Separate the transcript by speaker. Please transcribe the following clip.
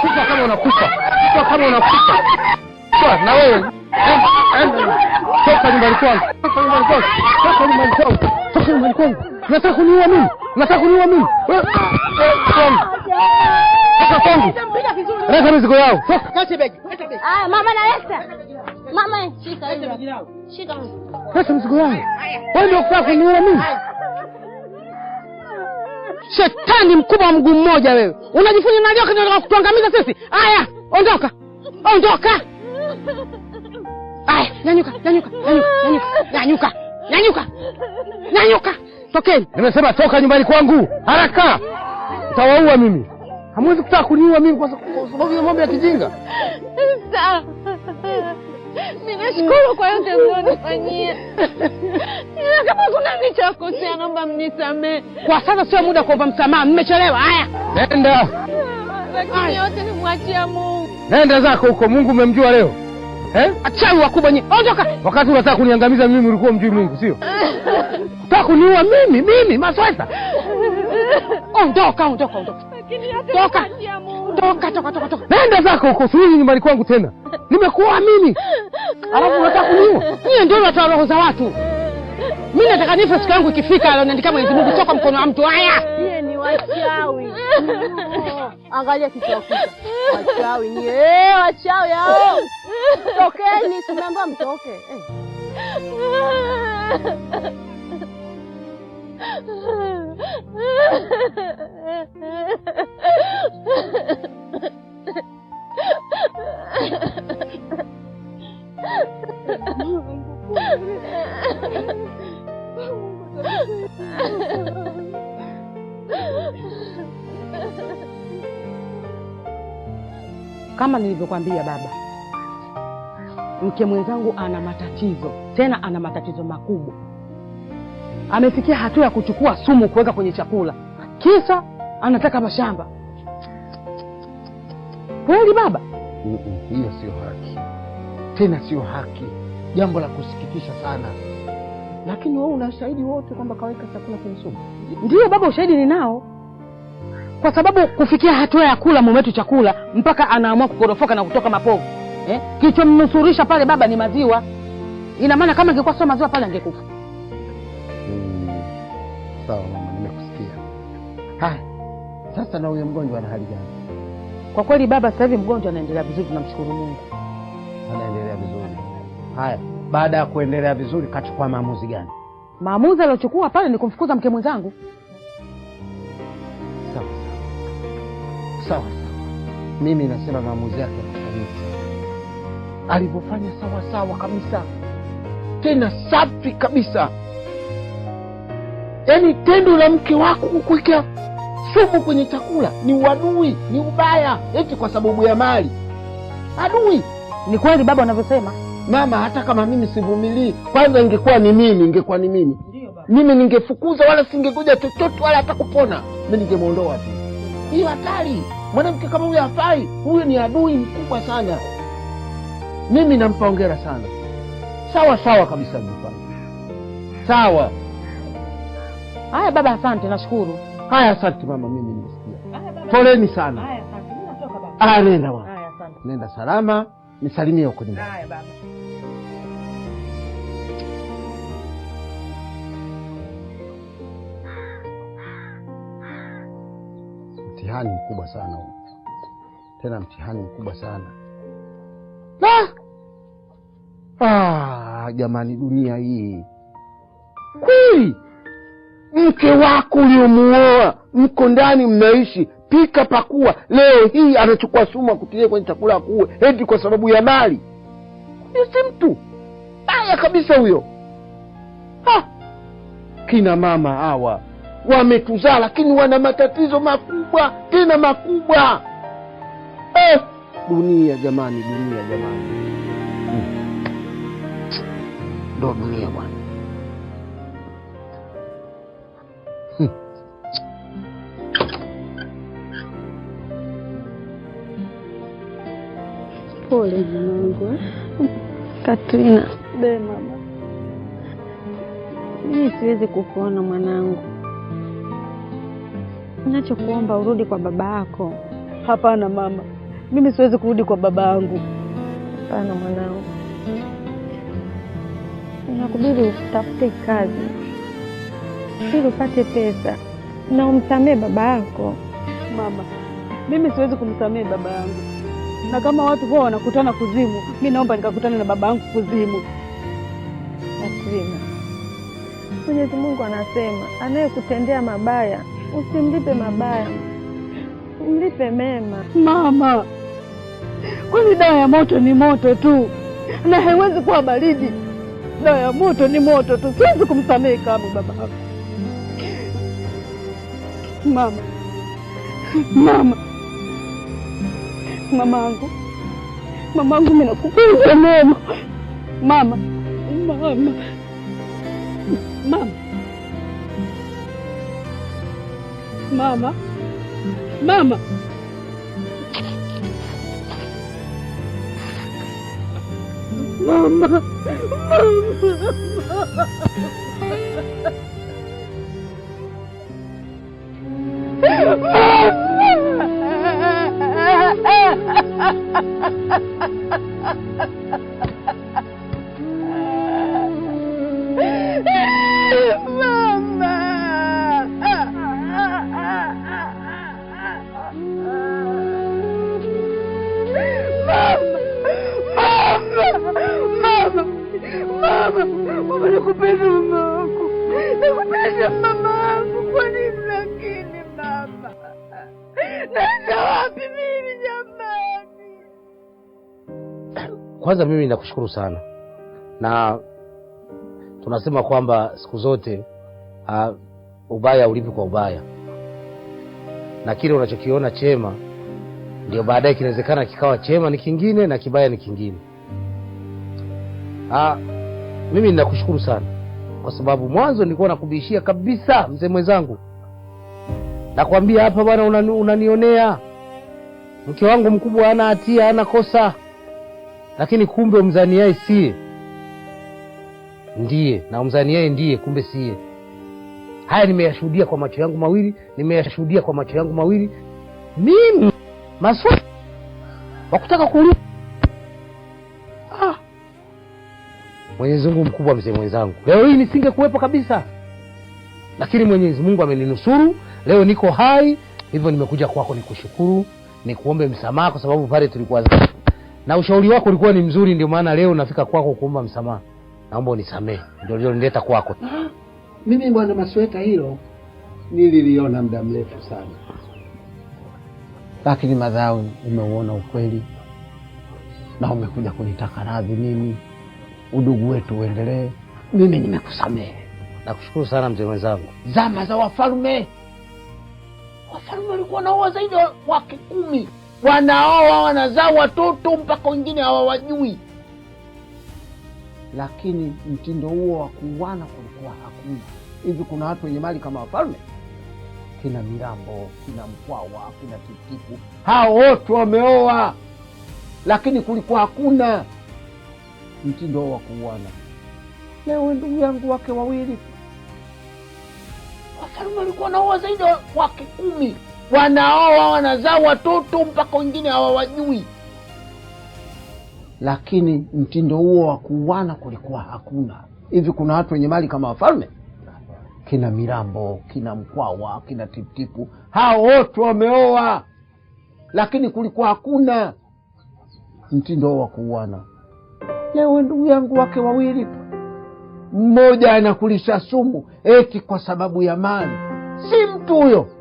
Speaker 1: Kufa kama unakufa, kufa kama unakufa. Kufa na wewe. Toka nyumbani kwangu, toka nyumbani kwangu, toka nyumbani kwangu, toka nyumbani kwangu. Unataka kuniua mimi? Unataka kuniua mimi? Toka kwangu. Leta mizigo yao.
Speaker 2: Kache begi, kache begi. Ah, mama na leta. Mama
Speaker 1: shika. Leta mizigo yao. Wewe ndio unataka kuniua mimi? Shetani mkubwa wa mguu mmoja wewe, unajifunya nalioka, unataka kutuangamiza sisi. Aya, ondoka, ondoka! Aya, nyanyuka, nyanyuka, nyanyuka, nyanyuka, nyanyuka, nyanyuka, tokeni! Nimesema toka nyumbani kwangu haraka, utawaua mimi. Hamwezi kutaka kuniua mimi kwa sababu ya mambo ya kijinga.
Speaker 3: Sawa, ninashukuru kwa yote mlionifanyia. Nitakosea, naomba mnisamee.
Speaker 1: Kwa sasa sio muda kuomba msamaha, mmechelewa. Haya, nenda,
Speaker 3: lakini yote nimwachia
Speaker 1: Mungu. Nenda zako huko, Mungu umemjua leo eh? Achawi wakubwa nyi, ondoka. Wakati unataka kuniangamiza mimi ulikuwa mjui Mungu, sio? taka kuniua mimi, mimi maswesa. Ondoka,
Speaker 3: ondoka, ondoka. Toka.
Speaker 1: Toka, toka, toka, toka. Nenda zako huko, sirudi nyumbani kwangu tena. Nimekuwa mimi. Alafu unataka kuniua? Nyie ndio watoa roho za watu mi nataka nife siku yangu ikifika aloniandika Mwenyezi Mungu toka mkono
Speaker 2: wa mtu. Haya. Yeye ni wachawi. Angalia kichwa kichwa. Wachawi ni eh, wachawi hao. Tokeni, tunaomba mtoke. Eh.
Speaker 1: Kama nilivyokwambia baba, mke mwenzangu ana matatizo, tena ana matatizo makubwa. Amefikia hatua ya kuchukua sumu kuweka kwenye chakula, kisa anataka mashamba. Kweli baba?
Speaker 4: Hiyo sio haki, tena sio haki, jambo la kusikitisha sana
Speaker 1: lakini wewe una ushahidi wote kwamba kaweka chakula kwenye sumu. Ndiyo baba, ushahidi ninao, kwa sababu kufikia hatua ya kula mume wetu chakula mpaka anaamua kukorofoka na kutoka mapovu eh? Kilichomnusurisha pale baba ni maziwa. Ina maana kama ingekuwa sio maziwa pale angekufa.
Speaker 4: Hmm. Sawa mama, nimekusikia. Haya, sasa na huyo mgonjwa ana hali
Speaker 1: gani? Kwa kweli baba, sasa hivi mgonjwa anaendelea vizuri, tunamshukuru
Speaker 4: Mungu, anaendelea vizuri. Haya baada ya kuendelea vizuri, kachukua maamuzi gani?
Speaker 1: Maamuzi aliyochukua pale ni kumfukuza mke mwenzangu.
Speaker 4: Sawa sawa, mimi nasema maamuzi yake alivyofanya sawa sawa kabisa, tena safi kabisa. Yaani tendo la mke wako kukuwekea sumu kwenye chakula ni uadui, ni ubaya, eti kwa sababu ya mali. Adui ni kweli, baba anavyosema Mama, hata kama mimi sivumilii. Kwanza ingekuwa ni mimi, ingekuwa ni mimi, mimi ningefukuza, wala singekuja chochote, wala hata kupona. Mi ningemwondoa tu. Hiyo hatari, mwanamke kama huyo hafai. Huyu ni adui mkubwa sana. Mimi nampa hongera sana. Sawa sawa kabisa, a Sawa.
Speaker 1: Haya baba, asante,
Speaker 4: nashukuru. Haya, asante mama, mimi nimesikia. Poleni sana. Haya, asante. Ah, nenda, nenda salama nisalimie huko nyumbani. Haya baba. Mtihani mkubwa sana huu, tena mtihani mkubwa sana ah, jamani, dunia hii kweli! Mke wako uliomuoa mko ndani mnaishi pika pakua. Leo hii anachukua sumu akutilie kwenye chakula akuue, eti kwa sababu ya mali. Huyo si mtu baya kabisa huyo. Kina mama hawa wametuzaa, lakini wana matatizo makubwa, tena makubwa eh. Dunia jamani, dunia jamani, hmm. ndo hmm. dunia bwana.
Speaker 5: Pole mwanangu. Katrina. Be mama, mimi siwezi kukuona mwanangu.
Speaker 6: Nachokuomba urudi kwa baba yako. Hapana mama, mimi siwezi kurudi kwa baba yangu.
Speaker 5: Hapana mwanangu, nakubidi utafute kazi ili upate pesa na umsamehe baba yako.
Speaker 6: Mama, mimi siwezi kumsamehe baba yangu na kama watu huwa wanakutana kuzimu, mi naomba nikakutana na baba yangu kuzimu.
Speaker 5: Nasrina, Mwenyezi Mungu anasema anayekutendea mabaya usimlipe mabaya,
Speaker 6: mlipe mema. Mama, kwani dawa ya moto ni moto tu na haiwezi kuwa baridi. Dawa ya moto ni moto tu, siwezi kumsamehe kama baba yako. Mama, mama Mamangu, mamangu, mimi nakupenda mama. Mama, mama, mama, mama, mama. Mama, mama, mama. Mama, mama, nakupenda mama wako, nakupenda mama wangu. Kwa nini lakini mama, naenda wapi mimi jamani?
Speaker 1: Kwanza mimi nakushukuru sana, na tunasema kwamba siku zote uh, ubaya ulipi kwa ubaya, na kile unachokiona chema ndio baadaye kinawezekana kikawa chema ni kingine na kibaya ni kingine. Uh, mimi ninakushukuru sana kwa sababu mwanzo nilikuwa nakubishia kabisa, mzee mwenzangu, nakwambia hapa bwana, unanionea, mke wangu mkubwa ana hatia, ana kosa, lakini kumbe umzaniaye sie ndiye na umzaniaye ndiye, kumbe sie. Haya nimeyashuhudia kwa macho yangu mawili, nimeyashuhudia kwa macho yangu mawili mimi maswali wakutaka kuuliza Mwenyezi Mungu mkubwa, mzee mwenzangu, leo hii nisingekuwepo kabisa, lakini Mwenyezi Mungu ameninusuru leo, niko hai. Hivyo nimekuja kwako nikushukuru, nikuombe msamaha kwa sababu pale tulikuwa na ushauri wako ulikuwa ni mzuri, ndio maana leo nafika kwako kuomba msamaha. Naomba unisamehe, ndio nilileta
Speaker 4: kwako. Ah, mimi bwana Masweta, hilo nililiona muda mrefu sana, lakini madhao, umeuona ukweli na umekuja kunitaka radhi mimi udugu wetu uendelee. Mimi nimekusamehe,
Speaker 1: nakushukuru sana mzee
Speaker 4: mwenzangu. Zama za wafalme, wafalme walikuwa wanaoa zaidi ya wake kumi, wanaoa wanazaa watoto mpaka wengine hawawajui, lakini mtindo huo wa kuuana kulikuwa hakuna. Hivi kuna watu wenye mali kama wafalme kina Mirambo, kina Mkwawa, kina Kitiku, hao wote wameoa, lakini kulikuwa hakuna mtindo wa kuuana. Leo ndugu yangu wake wawili Wafalume walikuwa wanaoa zaidi wa, wake kumi, wanaoa wanazaa watoto mpaka wengine hawawajui. Lakini mtindo huo wa kuuana kulikuwa hakuna. Hivi kuna watu wenye mali kama wafalme kina Mirambo, kina Mkwawa, kina Tiptipu, hao wote wameoa, lakini kulikuwa hakuna mtindo wa kuuana. Ewe ndugu yangu, wake wawili, mmoja anakulisha sumu eti kwa sababu ya mali. Si mtu huyo.